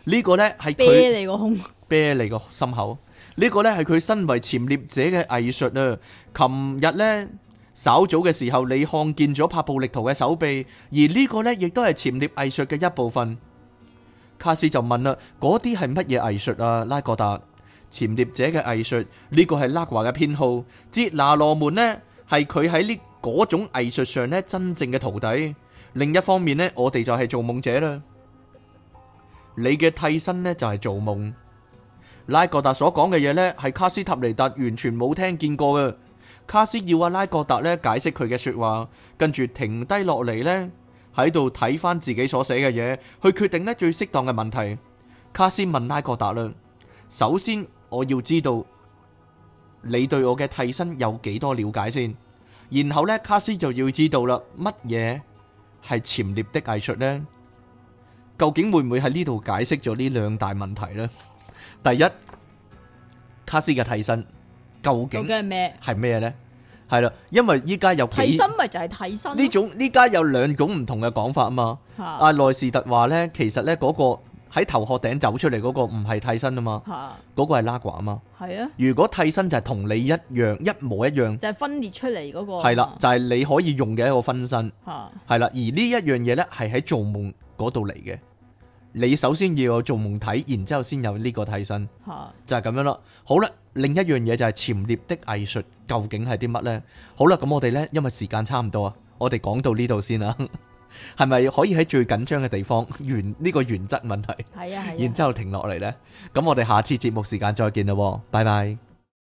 呢、這個呢，係佢。啤你、這個胸，啤你個心口。呢個咧係佢身為潛獵者嘅藝術啊。琴日咧稍早嘅時候，你看見咗帕布力圖嘅手臂，而個呢個咧亦都係潛獵藝術嘅一部分。卡斯就問啦，嗰啲係乜嘢藝術啊？拉格達，潛獵者嘅藝術呢、這個係拉華嘅編號。杰拿羅門咧，係佢喺呢嗰種藝術上呢，真正嘅徒弟。另一方面呢，我哋就係做夢者啦。你嘅替身呢就係、是、做夢。拉各達所講嘅嘢呢，係卡斯塔尼達完全冇聽見過嘅。卡斯要阿拉各達呢解釋佢嘅說話，跟住停低落嚟，呢喺度睇返自己所寫嘅嘢，去決定呢最適當嘅問題。卡斯問拉各達啦，首先我要知道。你對我嘅替身有幾多了解先？然後咧，卡斯就要知道啦，乜嘢係潛獵的藝術咧？究竟會唔會喺呢度解釋咗呢兩大問題咧？第一，卡斯嘅替身究竟係咩？係咩咧？係啦，因為依家有替身，咪就係替身呢種？依家有兩種唔同嘅講法啊嘛。啊，奈士特話咧，其實咧嗰個。喺頭殼頂走出嚟嗰個唔係替身啊嘛，嗰、啊、個係拉掛啊嘛。係啊，如果替身就係同你一樣，一模一樣，就係分裂出嚟嗰、那個。係啦、啊啊，就係、是、你可以用嘅一個分身。係啦、啊啊，而呢一樣嘢呢係喺做夢嗰度嚟嘅。你首先要有做夢體，然之後先有呢個替身。啊、就係咁樣啦。好啦，另一樣嘢就係潛獵的藝術究竟係啲乜呢？好啦，咁我哋呢，因為時間差唔多啊，我哋講到呢度先啦。 係咪可以喺最緊張嘅地方原呢，這個原則問題？係啊，係、啊。然之後停落嚟咧，咁、啊啊、我哋下次節目時間再見啦，拜拜。